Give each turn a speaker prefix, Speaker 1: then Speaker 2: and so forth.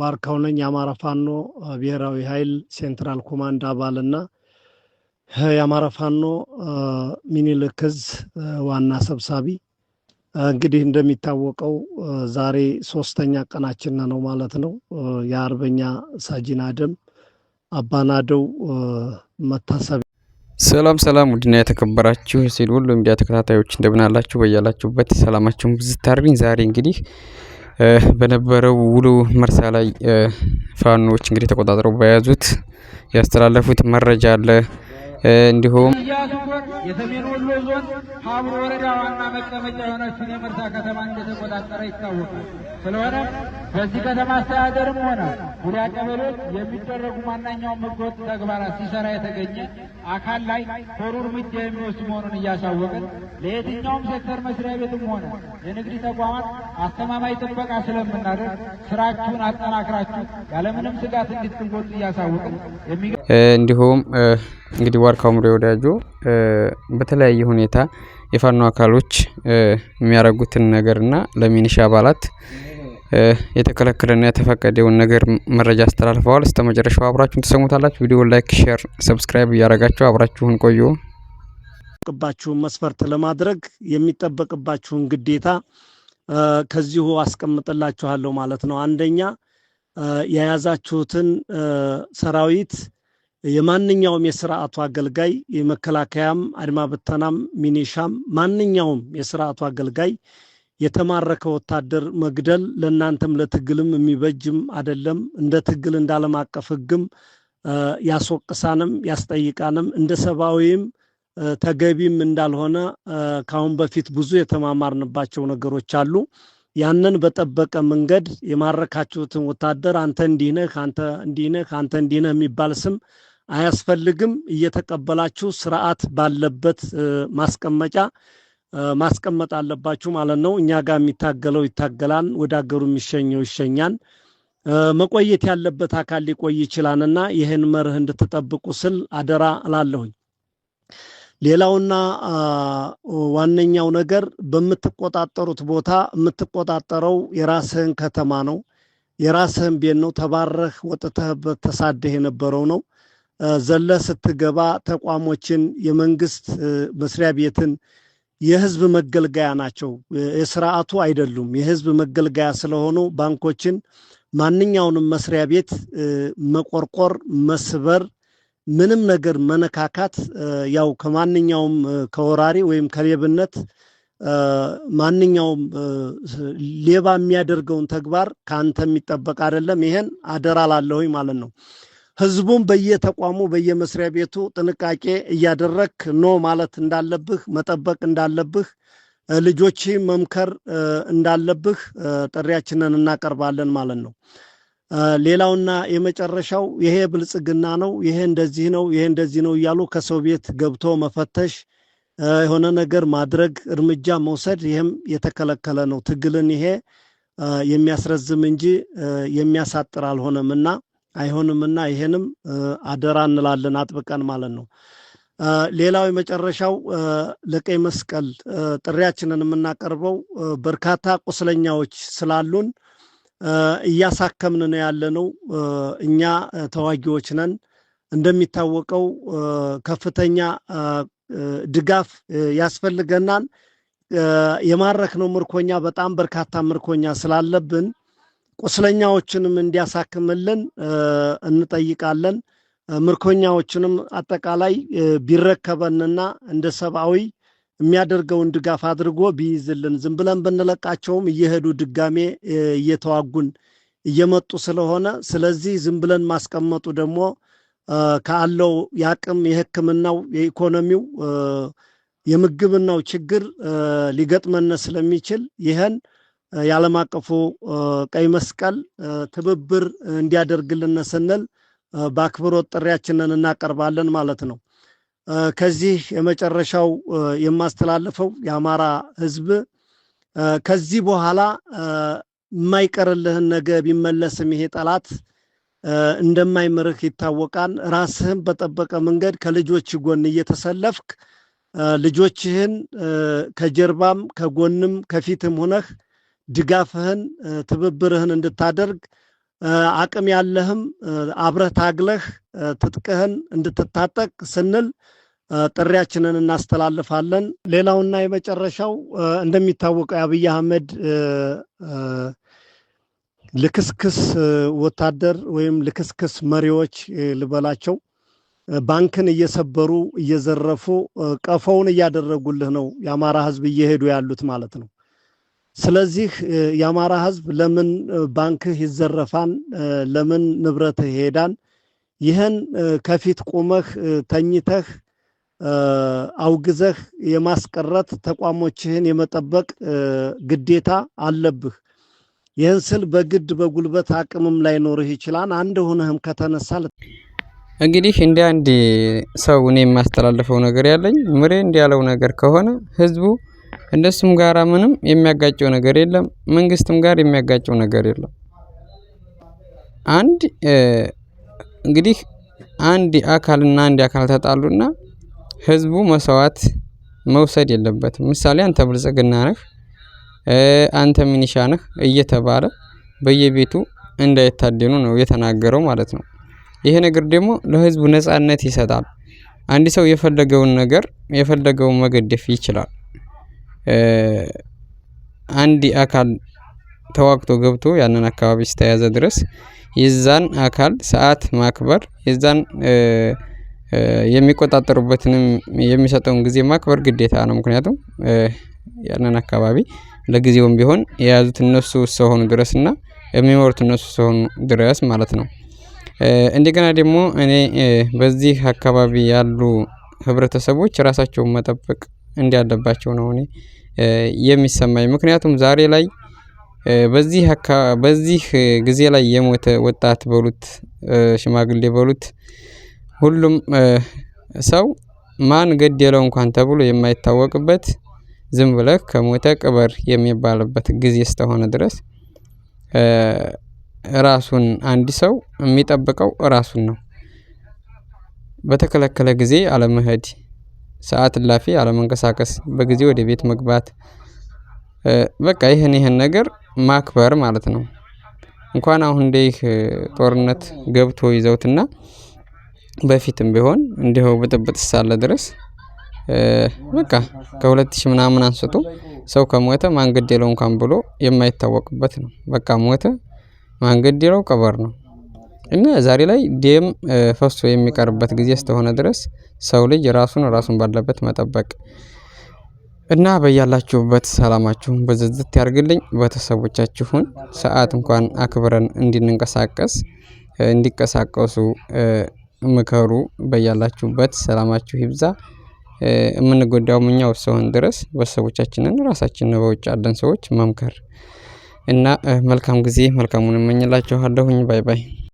Speaker 1: ዋርካው ነኝ የአማራ ፋኖ ብሔራዊ ኃይል ሴንትራል ኮማንድ አባል አባልና የአማራ ፋኖ ሚኒልክ ዕዝ ዋና ሰብሳቢ። እንግዲህ እንደሚታወቀው ዛሬ ሶስተኛ ቀናችን ነው ማለት ነው። የአርበኛ ሳጂን አደም አባናደው መታሰቢያ
Speaker 2: ሰላም ሰላም፣ ውድና የተከበራችሁ የሴድ ሁሉ ሚዲያ ተከታታዮች እንደምን አላችሁ? በያላችሁበት ሰላማችሁን ብዝት ዛሬ እንግዲህ በነበረው ውሎ መርሳ ላይ ፋኖች እንግዲህ ተቆጣጥረው በያዙት ያስተላለፉት መረጃ አለ እንዲሁም የሰሜን ወሎ ዞን ሀብሮ ወረዳ ዋና መቀመጫ የሆነችን የመርሳ ከተማ እንደተቆጣጠረ ይታወቃል። ስለሆነ በዚህ ከተማ አስተዳደርም ሆነ ጉዳያ ቀበሌዎች የሚደረጉ ማናኛውም ህገወጥ ተግባራት ሲሰራ የተገኘ አካል ላይ ቶሩ እርምጃ የሚወስድ መሆኑን እያሳወቅን ለየትኛውም ሴክተር መስሪያ ቤትም ሆነ የንግድ ተቋማት አስተማማኝ ጥበቃ ስለምናደርግ ስራችሁን አጠናክራችሁ ያለምንም ስጋት እንድትወጡ እያሳወቅን እንዲሁም እንግዲህ ዋርካው ምሬ ወዳጆ በተለያየ ሁኔታ የፋኖ አካሎች የሚያደርጉትን ነገርና ለሚኒሻ አባላት የተከለከለና የተፈቀደውን ነገር መረጃ አስተላልፈዋል። እስከ መጨረሻው አብራችሁን ትሰሙታላችሁ። ቪዲዮ ላይክ፣ ሼር፣ ሰብስክራይብ እያደረጋችሁ አብራችሁን ቆዩ።
Speaker 1: ቅባችሁን መስፈርት ለማድረግ የሚጠበቅባችሁን ግዴታ ከዚሁ አስቀምጥላችኋለሁ ማለት ነው። አንደኛ የያዛችሁትን ሰራዊት የማንኛውም የስርዓቱ አገልጋይ የመከላከያም፣ አድማ በተናም፣ ሚኒሻም ማንኛውም የስርዓቱ አገልጋይ የተማረከ ወታደር መግደል ለእናንተም ለትግልም የሚበጅም አደለም። እንደ ትግል እንደ ዓለም አቀፍ ሕግም ያስወቅሳንም ያስጠይቃንም እንደ ሰብአዊም ተገቢም እንዳልሆነ ከአሁን በፊት ብዙ የተማማርንባቸው ነገሮች አሉ። ያንን በጠበቀ መንገድ የማረካችሁትን ወታደር አንተ እንዲህ ነህ፣ አንተ እንዲህ ነህ፣ አንተ እንዲህ ነህ የሚባል ስም አያስፈልግም። እየተቀበላችሁ ስርዓት ባለበት ማስቀመጫ ማስቀመጥ አለባችሁ ማለት ነው። እኛ ጋር የሚታገለው ይታገላል፣ ወደ አገሩ የሚሸኘው ይሸኛል። መቆየት ያለበት አካል ሊቆይ ይችላልና ይህን መርህ እንድትጠብቁ ስል አደራ እላለሁኝ። ሌላውና ዋነኛው ነገር በምትቆጣጠሩት ቦታ የምትቆጣጠረው የራስህን ከተማ ነው፣ የራስህን ቤት ነው። ተባረህ ወጥተህበት ተሳደህ የነበረው ነው። ዘለ ስትገባ ተቋሞችን፣ የመንግስት መስሪያ ቤትን የህዝብ መገልገያ ናቸው። የስርዓቱ አይደሉም። የህዝብ መገልገያ ስለሆኑ ባንኮችን ማንኛውንም መስሪያ ቤት መቆርቆር፣ መስበር፣ ምንም ነገር መነካካት ያው ከማንኛውም ከወራሪ ወይም ከሌብነት ማንኛውም ሌባ የሚያደርገውን ተግባር ከአንተ የሚጠበቅ አይደለም። ይሄን አደራ ላለሁኝ ማለት ነው። ህዝቡም በየተቋሙ በየመስሪያ ቤቱ ጥንቃቄ እያደረግክ ኖ ማለት እንዳለብህ መጠበቅ እንዳለብህ ልጆች መምከር እንዳለብህ ጥሪያችንን እናቀርባለን ማለት ነው። ሌላውና የመጨረሻው ይሄ ብልጽግና ነው፣ ይሄ እንደዚህ ነው፣ ይሄ እንደዚህ ነው እያሉ ከሰው ቤት ገብቶ መፈተሽ፣ የሆነ ነገር ማድረግ፣ እርምጃ መውሰድ ይህም የተከለከለ ነው። ትግልን ይሄ የሚያስረዝም እንጂ የሚያሳጥር አልሆነም እና አይሆንምና ይሄንም አደራ እንላለን አጥብቀን ማለት ነው። ሌላው የመጨረሻው ለቀይ መስቀል ጥሪያችንን የምናቀርበው በርካታ ቁስለኛዎች ስላሉን እያሳከምን ነው ያለነው። እኛ ተዋጊዎች ነን። እንደሚታወቀው ከፍተኛ ድጋፍ ያስፈልገናል። ነው ምርኮኛ በጣም በርካታ ምርኮኛ ስላለብን ቁስለኛዎችንም እንዲያሳክምልን እንጠይቃለን። ምርኮኛዎችንም አጠቃላይ ቢረከበንና እንደ ሰብአዊ የሚያደርገውን ድጋፍ አድርጎ ቢይዝልን ዝም ብለን ብንለቃቸውም እየሄዱ ድጋሜ እየተዋጉን እየመጡ ስለሆነ ስለዚህ ዝም ብለን ማስቀመጡ ደግሞ ካለው የአቅም የሕክምናው የኢኮኖሚው የምግብናው ችግር ሊገጥመን ስለሚችል ይህን የዓለም አቀፉ ቀይ መስቀል ትብብር እንዲያደርግልን ስንል በአክብሮት ጥሪያችንን እናቀርባለን ማለት ነው። ከዚህ የመጨረሻው የማስተላለፈው የአማራ ሕዝብ ከዚህ በኋላ የማይቀርልህን ነገ ቢመለስም ይሄ ጠላት እንደማይምርህ ይታወቃል። ራስህን በጠበቀ መንገድ ከልጆች ጎን እየተሰለፍክ ልጆችህን ከጀርባም ከጎንም ከፊትም ሁነህ ድጋፍህን ትብብርህን እንድታደርግ አቅም ያለህም አብረህ ታግለህ ትጥቅህን እንድትታጠቅ ስንል ጥሪያችንን እናስተላልፋለን። ሌላውና የመጨረሻው እንደሚታወቀው የአብይ አህመድ ልክስክስ ወታደር ወይም ልክስክስ መሪዎች ልበላቸው ባንክን እየሰበሩ እየዘረፉ ቀፈውን እያደረጉልህ ነው የአማራ ሕዝብ እየሄዱ ያሉት ማለት ነው። ስለዚህ የአማራ ህዝብ ለምን ባንክህ ይዘረፋን? ለምን ንብረትህ ይሄዳን? ይህን ከፊት ቁመህ ተኝተህ አውግዘህ የማስቀረት ተቋሞችህን የመጠበቅ ግዴታ አለብህ። ይህን ስል በግድ በጉልበት አቅምም ላይኖርህ ይችላል። አንድ ሆነህም ከተነሳል
Speaker 2: እንግዲህ እንደ አንድ ሰው እኔ የማስተላልፈው ነገር ያለኝ ምሬ እንዲያለው ነገር ከሆነ ህዝቡ እነሱም ጋር ምንም የሚያጋጨው ነገር የለም። መንግስትም ጋር የሚያጋጨው ነገር የለም። አንድ እንግዲህ አንድ አካልና አንድ አካል ተጣሉና ህዝቡ መስዋዕት መውሰድ የለበትም። ምሳሌ አንተ ብልጽግና ነህ፣ አንተ ሚኒሻ ነህ እየተባለ በየቤቱ እንዳይታደኑ ነው የተናገረው ማለት ነው። ይሄ ነገር ደግሞ ለህዝቡ ነጻነት ይሰጣል። አንድ ሰው የፈለገውን ነገር የፈለገውን መገደፍ ይችላል። አንድ አካል ተዋግቶ ገብቶ ያንን አካባቢ ስተያዘ ድረስ የዛን አካል ሰዓት ማክበር የዛን የሚቆጣጠሩበትንም የሚሰጠውን ጊዜ ማክበር ግዴታ ነው። ምክንያቱም ያንን አካባቢ ለጊዜውም ቢሆን የያዙት እነሱ እስከሆኑ ድረስ እና የሚመሩት እነሱ እስከሆኑ ድረስ ማለት ነው። እንደገና ደግሞ እኔ በዚህ አካባቢ ያሉ ህብረተሰቦች ራሳቸውን መጠበቅ እንዳለባቸው ነው እኔ የሚሰማኝ። ምክንያቱም ዛሬ ላይ በዚህ በዚህ ጊዜ ላይ የሞተ ወጣት በሉት ሽማግሌ በሉት ሁሉም ሰው ማን ገደለው እንኳን ተብሎ የማይታወቅበት ዝም ብለህ ከሞተ ቅበር የሚባልበት ጊዜ እስከሆነ ድረስ ራሱን አንድ ሰው የሚጠብቀው ራሱን ነው። በተከለከለ ጊዜ አለመሄድ ሰዓት እላፊ አለመንቀሳቀስ፣ በጊዜ ወደ ቤት መግባት፣ በቃ ይህን ይህን ነገር ማክበር ማለት ነው። እንኳን አሁን እንዲህ ጦርነት ገብቶ ይዘውትና በፊትም ቢሆን እንዲሁ ብጥብጥ ሳለ ድረስ በቃ ከሁለት ሺህ ምናምን አንስቶ ሰው ከሞተ ማንገድ ገደለው እንኳን ብሎ የማይታወቅበት ነው። በቃ ሞተ፣ ማን ቀበር ነው። እና ዛሬ ላይ ደም ፈሶ የሚቀርበት ጊዜ እስከሆነ ድረስ ሰው ልጅ ራሱን ራሱን ባለበት መጠበቅ እና በያላችሁበት ሰላማችሁን ብዝዝት ያርግልኝ። ቤተሰቦቻችሁን ሰዓት እንኳን አክብረን እንድንንቀሳቀስ እንዲቀሳቀሱ ምከሩ። በያላችሁበት ሰላማችሁ ይብዛ። የምንጎዳው እኛው እስከሆን ድረስ ቤተሰቦቻችንን ራሳችንን በውጭ ያለን ሰዎች መምከር እና መልካም ጊዜ መልካሙን እመኝላችኋለሁኝ። ባይ ባይ።